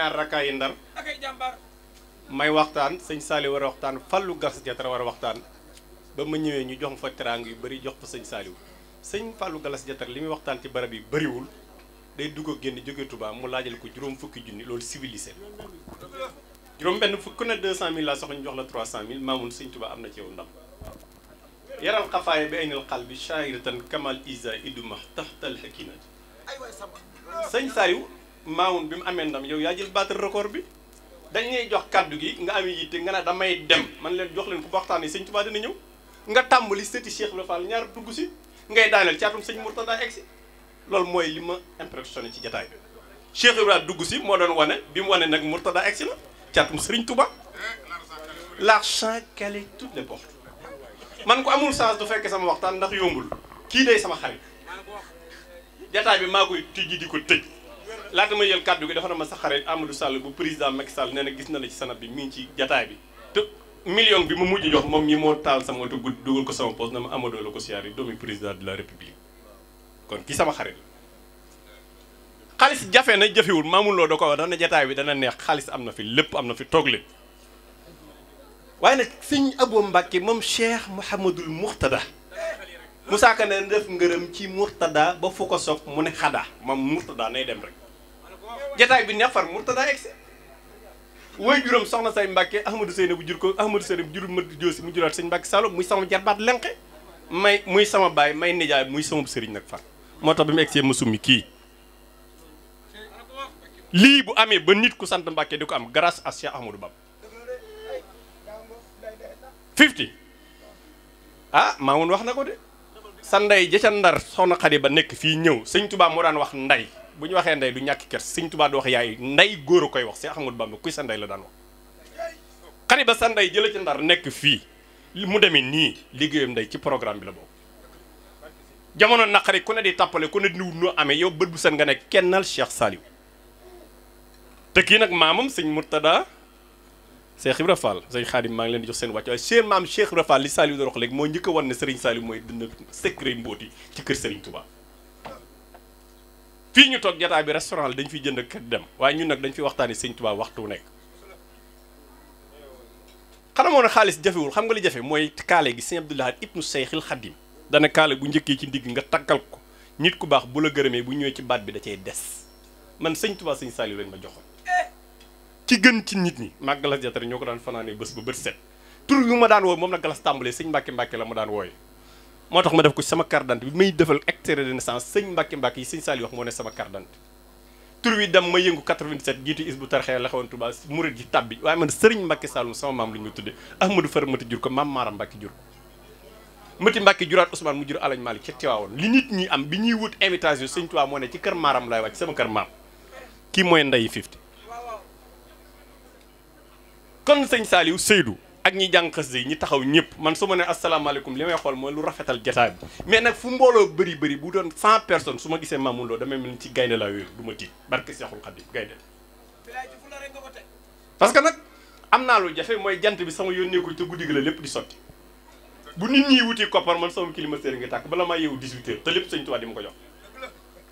ñaar rakkaa yi ndar may waxtaan sëñ saali war a waxtaan fallu gas jatara war a waxtaan ba ma ñëwee ñu jox ma fa teraang yu bëri jox fa sañ saaliwu sëñ fallu galas jatar li muy waxtaan ci barab yi bëriwul day dugg génn jóge Touba mu laajal ko juróom fukki junni loolu civilisé juróom benn fukk na ne cent mille laa soxla ñu jox la trois cent mille maamun sëñ Touba am na ci yow ndam yaral xafaaya bi aynal xal bi shaahiratan kamal isa iduma taxtal hakina sëñ saaliwu Mamoun bi mu amee ndam yow yaa jël battre record bi dañ lay jox kàddu gi nga amee yitte nga ne damay dem man leen jox leen waxtaan waxtaanee sëñ Tuubaa dina ñëw nga tàmbali sëti Cheikh Ibra ñaar dugg si ngay daaneel caatum sëñ Mourtada egg si loolu mooy li ma impressionné ci jataay bi Cheikh Ibra dugg si moo doon wane bi mu wane nag Mourtada egg si la caatum sëriñ Touba l'argent calait toutes les portes man ko amul chance du fekkee sama waxtaan ndax yombul kii day sama xarit jataay bi maa koy tijji di ko tëj laata ma jël kàddu gi dafa na ma sa xarit Amadou Sall bu président Macky Sall nee na gis na la ci sanab bi mi ngi ci jataay bi te million bi ma mujj jox moom ñi moo taal sama moto dugal ko sama poste na ma Amadou la ko siyaar yi doomi président de la république kon ki sama xarit la xaalis jafe na jafewul Mamour Lo da ko wax dana jataay bi dana neex xaalis am na fi lépp am na fi toog leen waaye nag sëñ Abo Mbacke moom Cheikh Mouhamadul Mouxtada Moussa Ka ne def ngërëm ci Mouxtada ba fu ko soog mu ne xada moom Mouxtada nay dem rek jataay bi neex far Mourtada egg si way juróom soxna say Mbàkke Ahmadou Seyna bu jur ko Ahmadou Seyna bu jur ma joosi mu juraat sëñ Mbàkke muy sama jarbaat lenqe may muy sama baay may nijaay muy sama sëriñ nag far moo tax bi mu egg see ma summi kii lii bu amee ba nit ku sant Mbàkke di ko am grâce à Cheikh Ahmadou Bamba fifty ah maa woon wax na ko de sa ndey ja ndar soxna Xadi ba nekk fii ñëw sëñ Tuubaa moo daan wax ndey bu ñu waxee ndey du ñàkk kër Sëñ Tuubaa du wax yaay ndey góor a koy wax si Ahmadu Bamba kuy sa ndey la daan wax xari sa ndey jëla ci ndar nekk fii mu demee nii liggéeyam ndey ci programme bi la boobu jamono naqari ku ne di tàppale ku ne di wut amee yow bët bu seen nga ne kennal Cheikh Saliou te kii nag maamam sëñ Murtada Cheikh Ibra Fall sëñ Xaadim maa ngi leen di jox seen wàcc waaye seen maam Cheikh Ibra li Saliou da wax léegi moo njëkk a wan ne Serigne Saliou mooy dina secret mbóoti ci kër Serigne Touba. fii ñu toog jataa bi restaurant la dañ fiy jënd ak dem waaye ñun nag dañ fi waxtaani sëñ Tuubaa waxtu nekk xanaa moo xaalis jafewul xam nga li jafe mooy kaale gi sëñ Abdoulaye ibnu Seyxil Xadim dana kaale bu njëkkee ci ndigg nga taggal ko nit ku baax bu la gërëmee bu ñëwee ci baat bi da cay des man sëñ Tuubaa sëñ Saaliw lañ ma joxoon ci gën ci nit ñi mag galas jatare ñoo ko daan fanaanee bés ba bët set tur yu ma daan wooy moom nag galas tàmbalee sëñ Mbàkke la ma daan wooye moo tax ma def ko sama carte d'identité bi may defal extrait de naissance sëñ Mbàkke Mbàkke yi sëñ Saliou wax moo ne sama carte d'identité tur wi dem ma yëngu 87 jiitu is bu tarxee la xewoon Touba murid ji tabbi waaye man sëriñ Mbàkke Saloum sama maam lu ñu tudde Ahmadou Far Mati jur ko maam Maaram Mbàkke jur ko Mati Mbàkke juraat Ousmane mu jur Alañ Malik ci Tiwaawoon li nit ñi am bi ñuy wut invitation sëñ Tuubaa moo ne ci kër Maaram laay wàcc kon sëñ Saliou Seydou ak ñi jàng xasida ñi taxaw ñëpp man su ma ne asalaamaaleykum li may xool mooy lu rafetal jotaay bi mais nag fu mbooloo bëri bëri bu doon cent personne su ma gisee Mamoune Lo damay mel ni ci gaynde laa wéeru du ma tiit barke Seexul Xadim gaynde parce que nag am naa lu jafe mooy jant bi sama yónnee ko te guddi gi la lépp di sotti bu nit ñiy wuti koppar man sama climatiseur nga tàkk bala maa yeewu 18 te lépp Sëñ Tuubaa di ma ko jox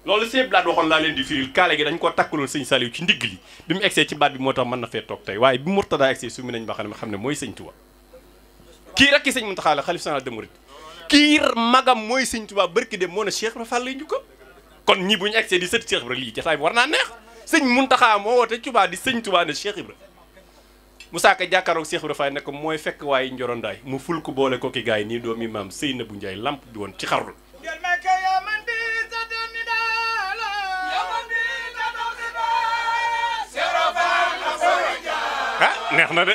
loolu sëñ Blad waxoon laa leen di firil kaale gi dañ ko takkaloon sëñ Saliou ci ndigg li bi mu egsee ci baat bi moo tax mën na fee toog tey waaye bi Mourtada egsee su nañ ba xam ne mooy sëñ Touba kii rek ki sëñ Mountakha la xalif général des kii magam mooy sëñ Touba barki dem moo ne Cheikh Ibra Fall lay njukka kon ñi bu ñu di sët Cheikh Ibra lii jotaay bi war naa neex sëñ Mountakha moo woote Touba di sëñ Touba ne Cheikh Ibra Moussa Ka jàkkaaroog seex Ibra Fall ne ko mooy fekk waaye njorondaay mu ful ko boole ko ki gars yi nii doomi maam Seynabou Ndiaye lamp bi woon ci xarul ah neex na de.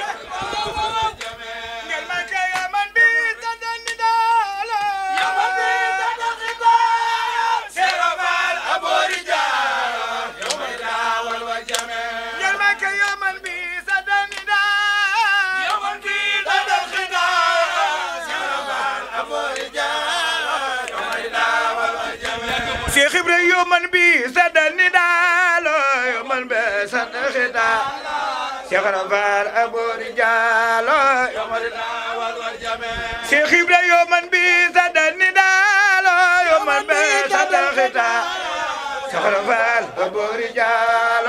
Cheikh Fall Abu Rijal yomalna wal wal jamaa Cheikh Ibra yoman bi sadani dalo yoman bi sadakhita Cheikh Fall Abu Rijal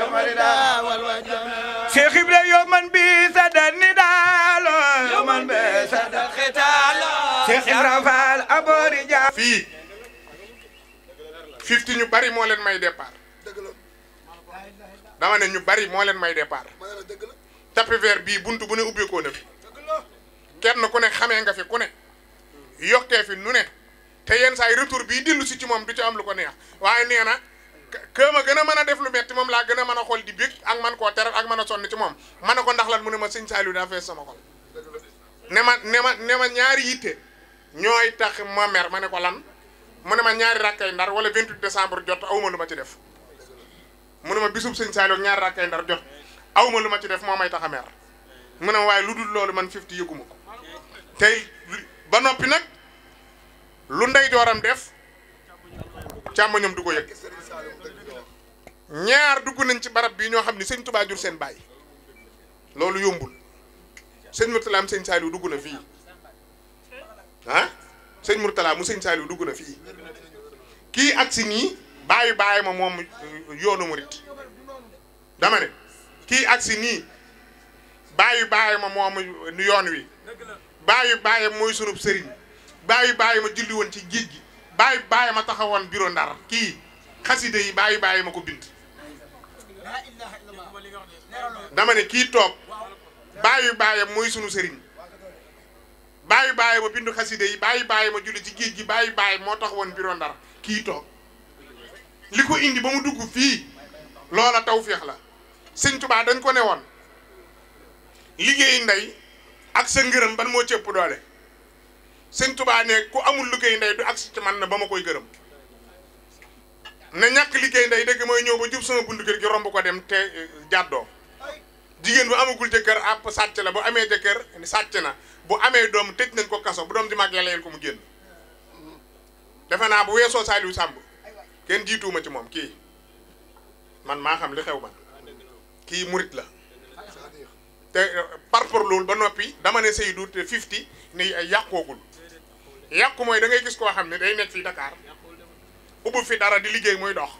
yomalna wal wal jamaa Cheikh Ibra yoman bi sadani dalo yoman bi sadakhita Cheikh Ibra Fall Abu Rijal fii fifti ñu bari moo leen may départ dama ne ñu bari moo leen may départ tapis vert bii bunt bu ne ubbeekoo na fi kenn ku ne xamee nga fi ku ne yokkee fi nu ne te yenn saa yi retour bii dillu si ci moom du ci am lu ko neex waaye nee na kër ma gën a mën a def lu metti moom laa gën a mën a xool di bég ak man koo teral ak mën a sonn ci moom ma ne ko ndax lan mu ne ma sëñ Saliou daa fees sama xol ne ma ne ma ne ma ñaari yitte ñooy tax ma mer ma ne ko lan mu ne ma ñaari rakkay ndar wala 28 décembre jot awma lu ma ci def mu ne ma bisub sëñ Saliou ñaar rakkay ndar jot aw ma lu ma ci def moo may tax a mer mu waaye lu dul loolu man fifty yëguma ko tey ba noppi nag lu ndey jooram def càmmoñam du ko yëg ñaar dugg nañ ci barab bi ñoo xam ne sëñ Tuubaa jur seen bàyyi loolu yombul sëñ Mourtala am sëñ Saliou dugg na fii ah sëñ Mourtala mu sëñ Saliou dugg na fii kii ak si nii bàyyi baay ma moom yoonu murit kii agsi nii bàyyi ma moom yoon wi bàyyi bàyyi mooy sunub sëriñ bàyyi bàyyi ma julli woon ci géej gi bàyyi bàyyi ma taxawoon biroo ndar kii xaside yi bàyyi bàyyi ma ko bind dama ne kii toog bàyyi bàyyi mooy sunu sëriñ bàyyi baay ma bindu xaside yi bàyyi bàyyi ma julli ci géej gi bàyyi bàyyi moo tax woon bureau ndar kii toog li ko indi ba mu dugg fii loola feex la sëñ tubaa dañ ko ne woon liggéey ndey ak sa ngërëm ban moo cëpp doole sëñ tubaa ne ku amul liggéey ndey du ak ci man na ba ma koy gërëm ne ñàkk liggéey ndey dëgg mooy ñëw ba jub sama buntu kër gi romb ko dem te eh, jàddoo jigéen bu amagul jëkkër àpp sàcc la bu amee jëkkër sàcc na bu amee doom tëj nañ ko kaso bu doom di màgg yàlla ko mu génn defe naa bu weesoo Saliou Samb kenn jiituuma ci moom kii man maa xam li xew ba kii murit la te par loolu ba noppi dama ne Seydou te fifty ne yàqoogul yàqu mooy da ngay gis koo xam ne day nekk fii Dakar ubbu fi dara di liggéey muy dox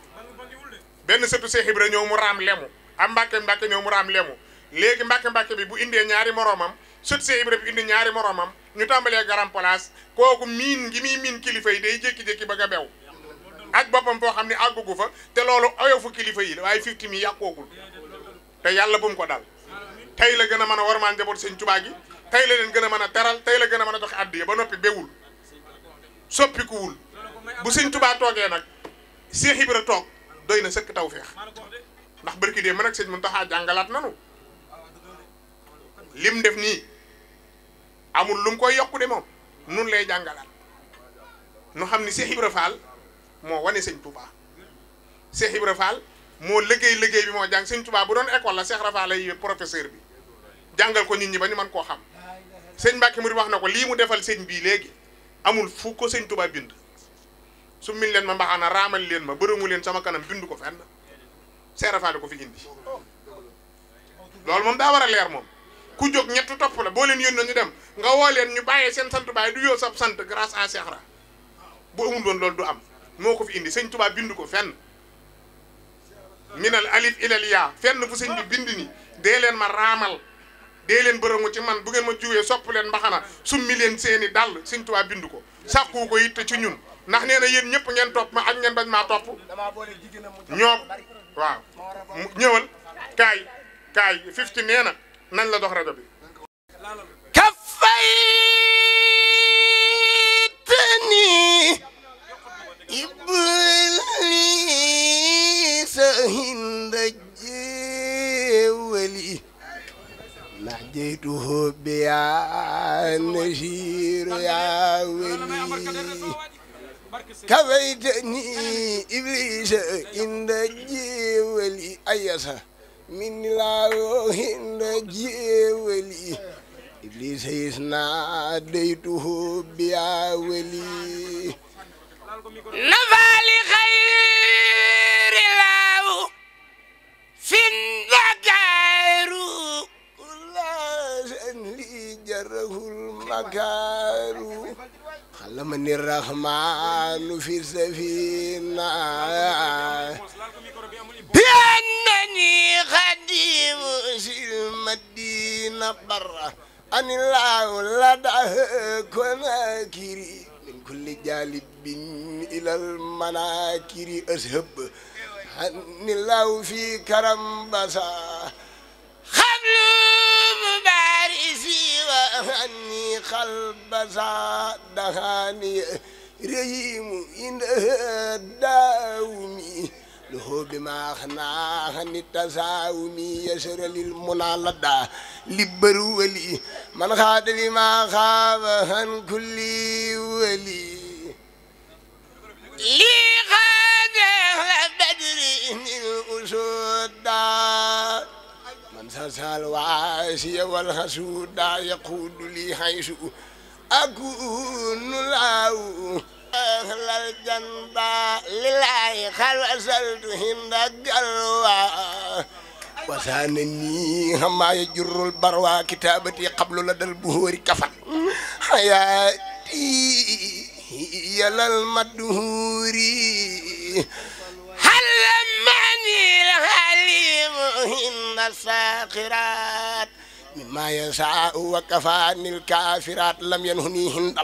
benn sëtu Seex Ibra ñëw mu raam lemu am mbàkke mbàkke ñëw mu raam lemu léegi mbàkke mbàkke bi bu indee ñaari moroomam sëtu Seex Ibra bi indi ñaari moroomam ñu tàmbalee garam place kooku miin ngi muy miin kilifa yi day jékki-jékki ba nga bew ak boppam foo xam ne àggugu fa te loolu oyofu kilifa yi waaye victime yi yàqoogul te yàlla bu mu ko dal tey la gën a mën a warmaan njaboot sëñ tubaa gi tey la leen gën a mën a teral tey la gën a mën a joxe àddiya ba noppi bewul soppikuwul bu sëñ Tuubaa toogee nag Seex Ibra toog doy na sëkk taw tawféex ndax barki dee mën ak sëñ Muntaxa jàngalaat nanu lim def nii amul lu mu koy yokku de moom nun lay jàngalaat nu xam ni Seex Ibra Faal moo wane sëñ Touba Cheikh Ibra Fall moo liggéey liggéey bi moo jàng sëñ Touba bu doon école la Cheikh Ibra Fall professeur bi jàngal ko nit ñi ba ñu man koo xam sëñ Mbacke Mouride wax na ko lii mu defal sëñ bii léegi amul fu ko sëñ Touba bind su mil leen ma mbaxana raamal leen ma bërëmu leen sama kanam bind ko fenn Cheikh Ibra Fall ko fi indi loolu moom daa war a leer moom ku jóg ñett topp la boo leen yónnee ñu dem nga woo leen ñu bàyyee seen sant bàyyi du yoo sab sant grâce à Cheikh Ibra bu amul loolu du am. moo ko fi indi sëñ Tuubaa bind ko fenn minal alif ilal yaa fenn fu sëñ bi bind ni dee leen ma raamal dee leen bërëngu ci man bu ngeen ma juwee sopp leen mbaxana summi leen seeni dàll sëñ Tuubaa bind ko sàkku ko it ci ñun ndax nee na yéen ñëpp ngeen topp ma ak ngeen bañ maa topp ñoom waaw ñëwal kaay kaay fifty nee na nañ la dox rajo bi kafaytani نجيته بيا نجير يا ولي كفيتني إبليس إن جيولي أيسا من الله إن جيولي إبليس يسنا ديته بيا ولي nafaali xayri laaw fin dakaaru laasan li jarahul makaaru xalamani rahmaanu fi safina biannani xadimu sil madina barra anilaaw ladaha konakiri kulli jaalibin ilal manaakiri ashab nilaw fi karam basa xablu mubarisi wa anni xalbasa daxaani reyimu inda daawmi له بما خناه التساومي يسر للمنى لدى لبر ولي من خاد لما خاب عن كل ولي لي خاد بدر الأسود من سسى الواسي والحسود يقود لي حيث أكون الذنبا لله خلصت هند الجلوى وسانني هما يجر البروى كتابتي قبل لدى البهور كفى حياتي يلا المدهور هل لمني الغليم هند الساخرات مما يسعى وكفاني الكافرات لم ينهني هند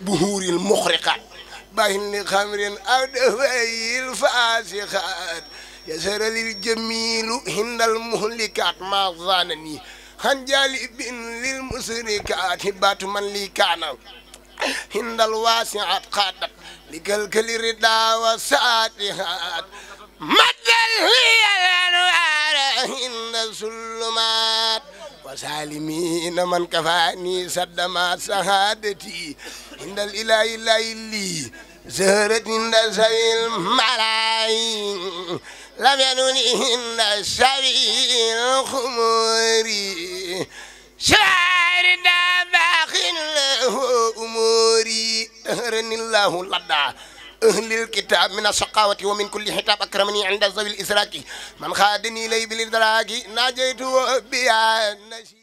البهور المخرقات بحن خمر أو دواء الفاسقات يسر للجميل هند المهلكات ما ظانني خنجالي بن للمسركات بات من لي كان هند الواسعات قادت لكلكل ردا وساتهات مدل هي الأنوار هند السلمات وسالمين من كفاني صدما سهادتي عند الإله إلا إلي زهرة عند سبيل الملاي لم ينوني عند سبيل الخموري شعر باخ له أموري دهرني الله لدى ahlil kitab min ashaqawati wa min kulli hitab akramani inda zawil israki man khadani lay bil idraki najaytu biya